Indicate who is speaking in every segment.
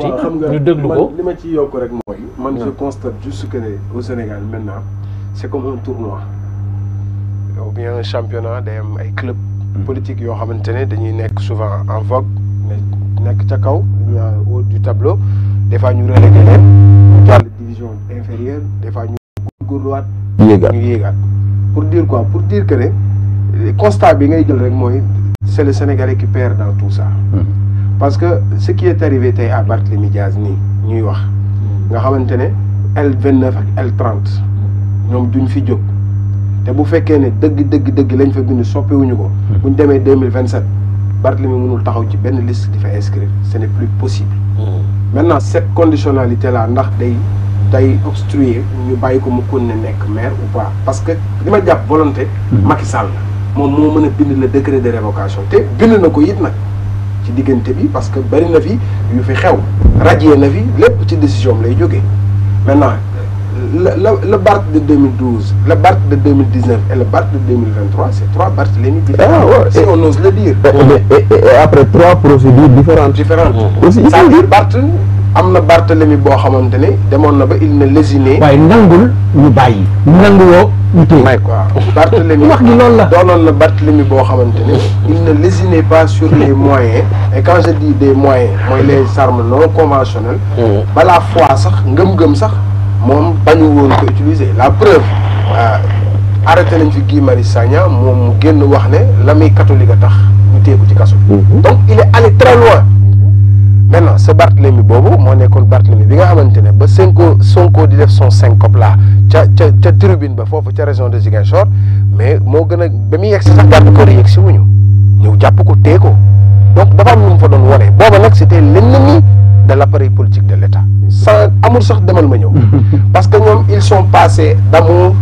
Speaker 1: tuuti ñu déglu ko
Speaker 2: li ma ci yokk rek moy man je constate juste que au Sénégal maintenant c'est comme un tournoi ou bien un championnat des clubs ay club mm. politique yo xamantene dañuy nekk souvent en vogue nekk ca kaw du tableau des fois ñu relégué leen division inférieure des fois ñu góorgóorluwaat ñu pour dire quoi pour dire que les constat bi ngay jël rek moy c'est le Sénégalais qui perd dans tout ça mm. Parce que ce qui est arrivé à Bartley Diaz, New York, nous avons L29 et L30. Nous sommes d'une fille. Et si vous faites que vous avez des choses, vous avez des en 2027, Bartley Diaz n'a le liste qui fait inscrire. Ce n'est plus possible. Hmm. Maintenant, cette conditionnalité-là, nous avons obstrué, nous avons dit qu'il était maire ou pas. Parce que, je vous dis, volonté, hmm. Macky Sall, je vous dis, le décret de révocation. Et je vous ci diggante bi parce que bari na fi yu fi xew rajee na fi lépp ci décision lay maintenant le BART de 2012 le BART de 2019 et le BART de 2023 c'est trois Barthélémy différents. Ah si on ose le dire. et, après trois procédures différentes. différentes. aussi dire BART amna na Barthélemy boo xamante ni na ba il ne lésiné. way nangul ñu n'angul nanguwoo ñu téye. may quoi Barthélemy wax gi non la. donon na Barthélemy bo xamantene il ne lésiné pas sur les moyens. et quand je dis des moyens mooy les armes non conventionnelles. Mm-hmm. la fois sax ngëm-ngëm sax mom bañu woon ko utiliser la preuve. Euh, arrêté nañ fi Guimari Marius Sagna moom mu génn wax né la catholique tax ñu téye ci kasso mm-hmm. donc il est allé très loin maintenant ce Bartlemy Bobo mon nekkoon Bartlemy bi nga xamante ba Sonko Sonko di def son syncope là ca ca ca tribune ba fofu ca région de Ziguinchor mais mo gëna a ba muy yegg si sax garde corps yi ci wuñu ñeu japp ko té ko donc dafa am fa doon wolé booba nak c'était l'ennemi de l'appareil politique de l'État sans amul sax demal ma ñeu parce que ñom ils sont passés d'amour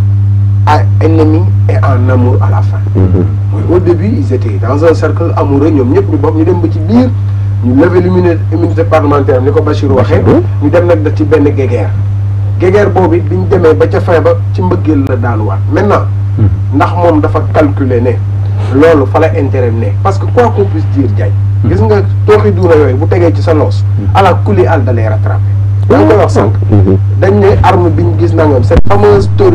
Speaker 2: à ennemi et en amour à la fin mm-hmm. au début ils étaient dans un cercle amoureux ñom ñep ñu bokk ñu dem ba ci bir nous lever l'immunité parlementaire ni ko Bachir waxee ñu dem nag ci bi ñu la maintenant hmm. ndax moom dafa calculer ne loolu fa la parce que quoi qu'on puisse dire Diagne hmm. gis nga tooxi duuna yooyu bu tegee ci sa ala hmm. arme fameuse 9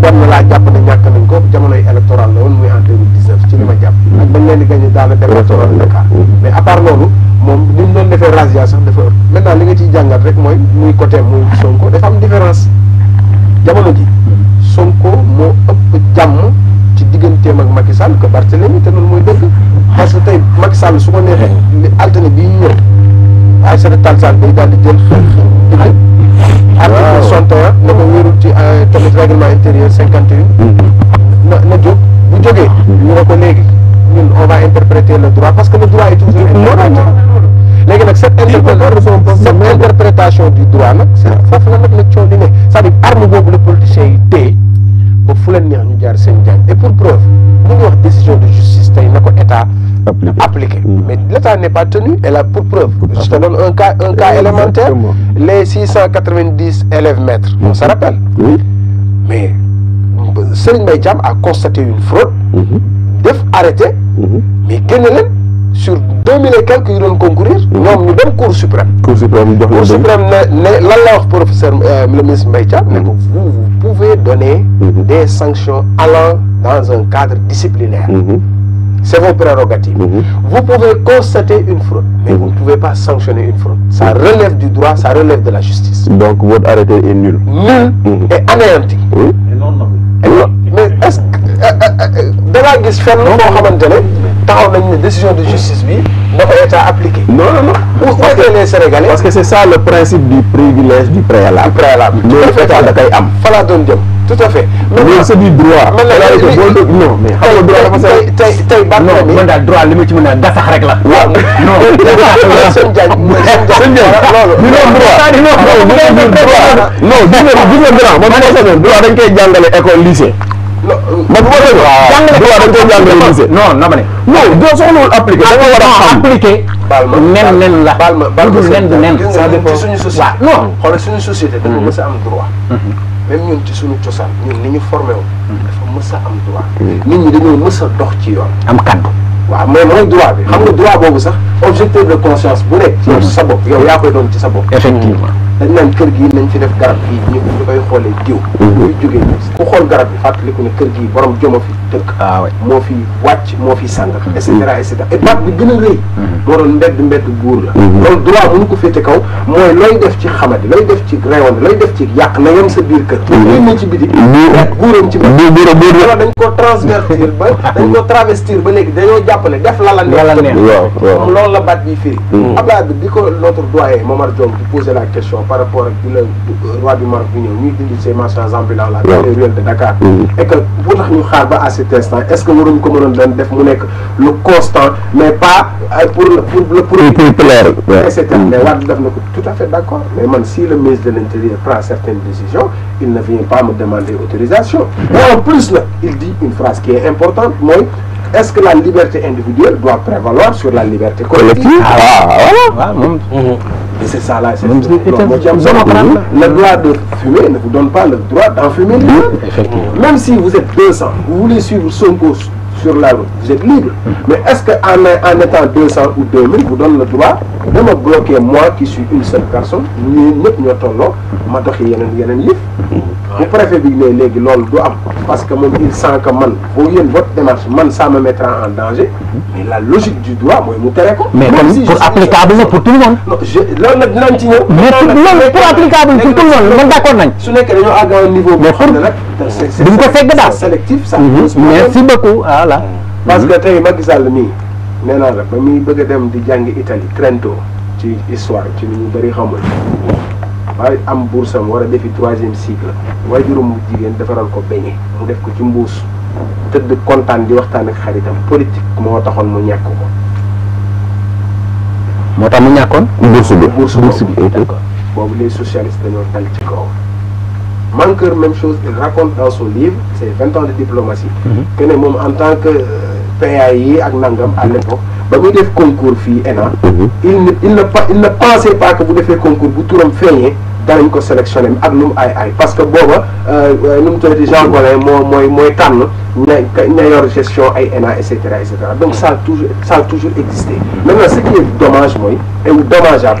Speaker 2: benn laa jàpp ne ñàkk nañ ko jamonoy électoral la woon muy en 2019 ci li ma jàpp mm-hmm. ak bañ leen di gagné dans le département de Dakar mm-hmm. mais à loolu moom li ñu doon defee razzia sax dafa ëpp maintenant li nga ciy rek mooy muy côté muy Sonko dafa am différence jamono ji mm-hmm. Sonko moo ëpp jàmm ci digganteem ak Macky Sall que Barthélemy te loolu mooy dëgg parce que tey Macky Sall su ko neexee li alterné bii ñu ñëw ay sa tal Sall day daal di jël article 61 nako ko ci euh, tamit règlement intérieur 51 mm-hmm. na na jóg bu jógee mm-hmm. ñu ne ko léegi ñun on va interpréter le droit parce que le droit est toujours mm-hmm. interprété léegi nag cette cette interprétation du droit nak c'est fofu la nag la coow li ne c'est-à-dire arme boobu le politiciens yi téye ba fu leen neex ñu jaar seen jaan et pour preuve ñu wax décision de justice tay nako état appliqué mm. Mais l'État n'est pas tenu, elle a pour preuve. Je te donne un cas, un cas élémentaire. Les 690 élèves maîtres, mm. on s'en rappelle. Oui. Mais Céline Mbaye a constaté une fraude, mm-hmm. def arrêté, mm-hmm. mais génne sur 2000 et quelques qui vont concourir. nous mm-hmm. nous dem cour suprême. suprême cour suprême la professeur euh, le ministre vous pouvez donner. des sanctions allant dans un cadre disciplinaire. C'est vos prérogatives. Mhm. Vous pouvez constater une fraude, mais vous mhm. ne pouvez pas sanctionner une fraude. Ça mhm. relève du droit, ça relève de la justice. Donc votre arrêté est nul. Nul et anéanti. Et non, non. Mais est-ce que... Euh, euh, euh, euh de taxaw nañ ne décision de justice bi dafa état appliqué. non non non parce que bu fekkee les parce que c' ça le principe du privilège du préalable. du préalable loolu état da koy am. fa doon jëm tout à fait. loolu c' est droit. non mais droit li ma ci mën a gasax rek la. non sëñ Diagne sëñ doon droit non du doon droit non du doon droit man ma ne ko doon dañ koy jàngale école lycée. man ah, bu ma déglu waaw dañ koy jàngalee lycée ne. non doo soxlawul appliqué da nga war a xam appliqué. nen nen la baal ma baal ma nen du nen. ça dépend suñu société non. xoolal suñu société dafa mm-hmm. mës a am droit. Mm-hmm. même ñun ci suñu cosaan ñun ni ñu formé wu. Mm-hmm. dafa am droit. nit ñi dañoo mës a dox ci yoon. am kaddu. waaw mais droit bi. xam nga droit boobu sax objectif de conscience bu nekk. yow ci sa bopp yow yaa koy doon ci sa bopp. effectivement. dañ naan kër gii nañ fi def garab fii ñu ñu koy xoolee diw. ñu mm-hmm. jógee ku xool garab bi fàttaliku ne kër gii borom joma fi. dëkk waaw moo fi wàcc moo fi sàng et cetera et cetera baat bi gën a rëy moo doon mbedd mbedd buur la mhm. loolu droit mënu ko féete kaw mooy looy def ci xamadi looy def ci ci yàq na yem sa biir kër mhm. lén na ci biti rek buuram ci biir loolu dañ ko transvertir ba dañ ko travestir ba léegi dañoo jàppale def la la neex loolu la baat bi da mhm. Abdoulaye bi ko notre doyen Momar Diom di poser la question par rapport bi la euh, roi du Maroc bi ñëw ñuy dindi ces marchands ambulants là dans les ruelles de Dakar et que tax ñu xaar ba instant est-ce que nous sommes comme def mu constant mais pas euh, pour le pour tout à fait d'accord mais même si le ministre de l'intérieur prend certaines décisions il ne vient pas me demander autorisation et en plus il dit une phrase qui est importante Moi, est-ce que la liberté individuelle doit prévaloir sur la liberté collective ah, et c'est ça là, c'est le droit de fumer ne vous donne pas le droit d'en fumer. Même si vous êtes 200, vous voulez suivre son cours sur la route, vous êtes libre. Mm-hmm. Mais est-ce que en étant 200 ou 2000, vous donne le droit de me bloquer, moi qui suis une seule personne, ni ñëpp ñoo ma doxee yeneen yeneen yëf. Mm-hmm. préfet bi ne du parce que mon il sent que man boo yéen votre démarche man ça me mettra en danger mm-hmm. mais la logique du droit moi, mu tere mais comme pour applicable pour tout le monde. non je loolu nag mais pour pour applicable pour tout le monde man d' d'accord non su que dañoo à un niveau. mais pour c'est ko fekk daal sélectif ça. merci beaucoup la mm-hmm. parce que tay Macky Sall nii néna naa la ba mi bëgg dem di jàngi Italie Trento ci histoire ci lu ñu bari xamul waaye am bourse bursam war a defi troisième cycle waajuram mu jigéen defaral ko beñe mu def ko ci mbuus tëdd kontaan di waxtaan ak xaritam politique moo taxoon mu ñàkk ko moo tax mu ñàkkoon bourse bi bourse bi boobu les socialistes dañoo dal ci kaw Manqueur, même chose, il raconte dans son livre, c'est 20 ans de diplomatie, mhm. que mm en tant que euh, PAI ak nangam à l'époque ba devez def concours fii ENA mhm. il ne il ne il ne pensait pas que vous devez concours vous tout le monde ko sélectionné ak nu parce que bon euh, euh, nous mu déjà Jean moins moo mooy mooy tànn meilleure gestion et cetera etc donc ça a toujours ça a toujours existé mhm. maintenant ce qui est dommage moi et dommageable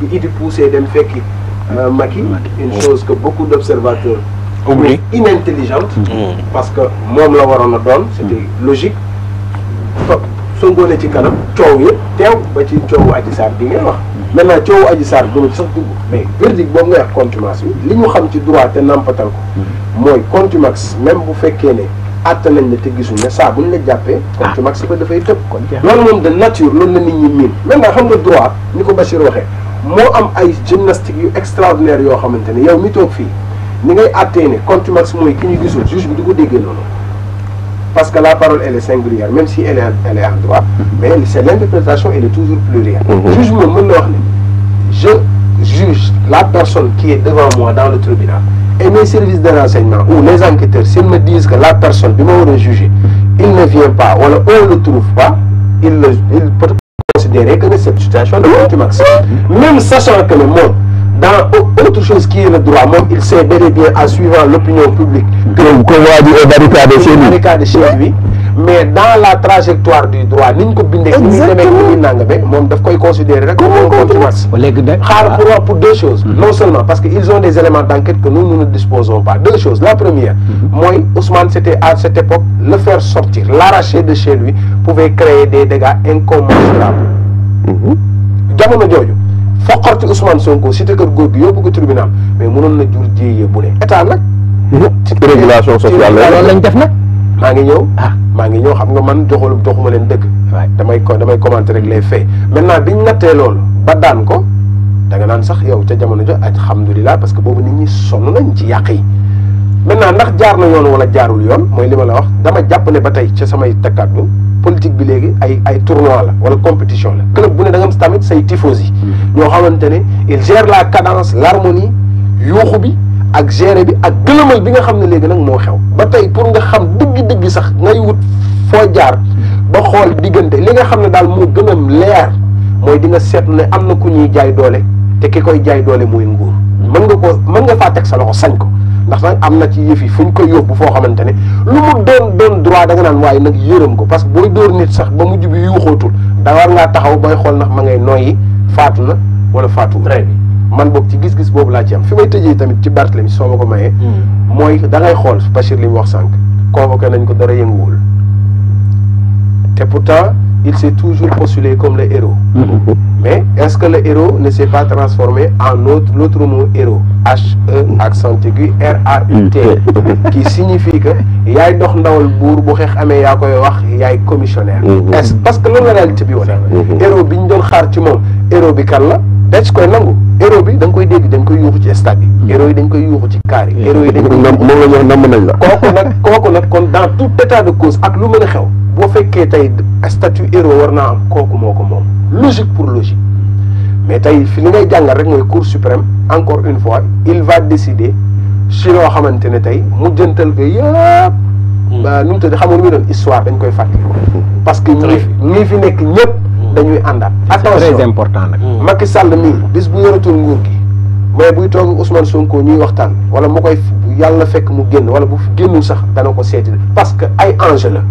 Speaker 2: Idi poussé dem fekki euh, maki une chose que beaucoup d' observateurs oublient inintelligente mm. parce que moom la waroon a doon c' était mm. logique Sonko ci kanam coow yëpp teew ba ci coowu Adji Sarr bi ngay wax mm. maintenant coowu Adji Sarr duma ci sax dugg mais verdict boobu ngay wax contumace bi li ñu xam ci droit te nampatal ko mooy contumax même bu fekkee ne àtte nañ la te gisuñ ne saa bu ñu la jàppee ah. contumax ba dafay tëb kon loolu moom de nature loolu la nit ñi miin maintenant xam nga droit ni ko Bachir waxee moi, am ay gymnastique extraordinaire yoo xamante ne yow mi toog fii ni ngay àttee ne max mooy ki ñu juge bi du ko déggee parce que la parole elle est singulière même si elle est elle est en droit mais c'est l'interprétation elle est toujours plurielle mhm. juge je juge la personne qui est devant moi dans le tribunal et mes services de renseignement ou les enquêteurs s'ils me disent que la personne bi ma war juger il ne vient pas wala on le trouve pas il le il peut considérer que cette situation de monte Même sachant que le monde, dans autre chose qui est le droit, même il sait bel et bien en suivant l'opinion publique que... Qu'on va dire barricade chez lui mais dans la trajectoire du droit ni ñu ko bindee. exactement ni ñu demee mom daf koy considérer comme un ah. pour deux choses. Mm-hmm. non seulement parce qu'ils ont des éléments d'enquête que nous ne disposons pas deux choses la première. Mm-hmm. moi, Ousmane c'était à cette époque le faire sortir l'arracher de chez lui pouvait créer des dégâts incommensurables. il faut que Ousmane Sonko cité que góor gi ko tribunal mais mënoon na mais jéyee ne état pas. Mm-hmm. régulation sociale lañ def nak ngi ah mangi ñoo xam nga man joxul joxuma leen dëgg. damay damay commenter les faits maintenant biñ nattee loolu ba daan ko da nga naan sax yow jo parce que boobu nit ñi sonn nañ ci yàq yi. maintenant ndax jaar na yoon wala jaarul yoon mooy li ma la wax dama jàpp ba tey politique bi léegi ay ay tournoi la compétition la. club bu ne da nga tamit tifosi hmm. ñoo il gère la cadence l'harmonie yuuxu ak gérer bi ak gëlëmal bi nga xam ne léegi nag moo xew ba tey pour nga xam dëgg-dëgg sax ngay wut foo jaar ba xool diggante li nga xam ne daal moo gën a leer mooy di nga seetlu ne am na ku ñuy jaay doole te ki koy jaay doole mooy nguur mën nga koo mën nga faa teg sa loxo sañ ko ndax nag am na ci yëf yi fu ñu koy yóbbu foo xamante ne lu mu doon doon droit da nga naan waaye nag yërëm ko parce que booy dóor nit sax ba mujj bi yuuxootul da war ngaa taxaw booy xool ndax ma ngay noyyi faatu na wala faatu. man bok ci gis-gis bobu la ci am fi may tëjee tamit ci Barthélemy so mako maye hmm. moy da ngay xol Bachir li mu wax sank convoqué nañ ko dara yënguwul té pourtant il s'est toujours postulé comme le héros. Hmm. mais est-ce que le héros ne s'est pas transformé en autre l'autre mot héros H E accent aigu R A U T. Hmm. qui signifie que yaay dox ndawal bour bu xex amé yaa koy wax yaay commissionnaire. est-ce parce que loolu la réalité bi wane. héros biñ doon xaar ci mom héros bi kan la. Death Square nangu héros bi da koy dégg dañ koy yuuxu ci stade yi mm. héros yi dañ koy yuuxu ci car yi héros yi dañ koy moom ñu wax nañ la kooku nag kooku nag kon dans tout état de cause ak lu mën a xew boo fekkee tey statut héros war naa am kooku moo ko moom logique pour logique mais tey fi li ngay jàngal rek mooy cour suprême encore une fois il va décider si loo xamante ne tey mu jëntal ko yëpp mm. nu mu tëdd xamoon mi doon histoire dañ koy fàttali mm. parce que ñi fi nekk ñëpp dañuy àndaat. c'est très important nag. Macky Sall mii bis bu yoratul nguur gi mais buy toog Ousmane Sonko ñuy waxtaan wala mu koy Yalla fekk mu génn wala bu génnul sax da na ko seeti parce que ay enjeu la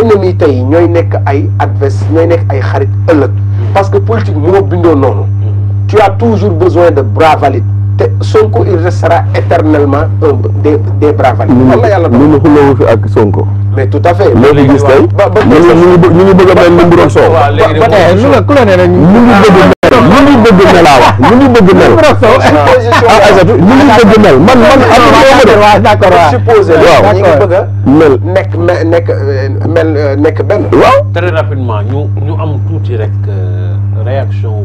Speaker 2: ennemi tay ñoy nekk ay adverse ñoy nekk ay xarit ëllëg. parce que politique mo bindo noonu. tu as toujours besoin de bras valides te Sonko il restera éternellement un des des bras valides. yàlla yàlla doon nañu fi ak Sonko. mais tout à fait. loolu gis tey ñu ngi bëgg ñu ngi bëgg a mel ni mburoog soow. waaw léegi de moom ñu ngi bëgg mel laa ah, wax ñu ngi bëgg mel. ah Aïssatou ñu ngi bëgg mel man man am na loo ma def. waaw d'accord waaw supposé la ñi ngi bëgg a mel nekk nekk euh, mel euh, nekk benn. waaw très rapidement ñu ñu am tuuti rek euh, réaction.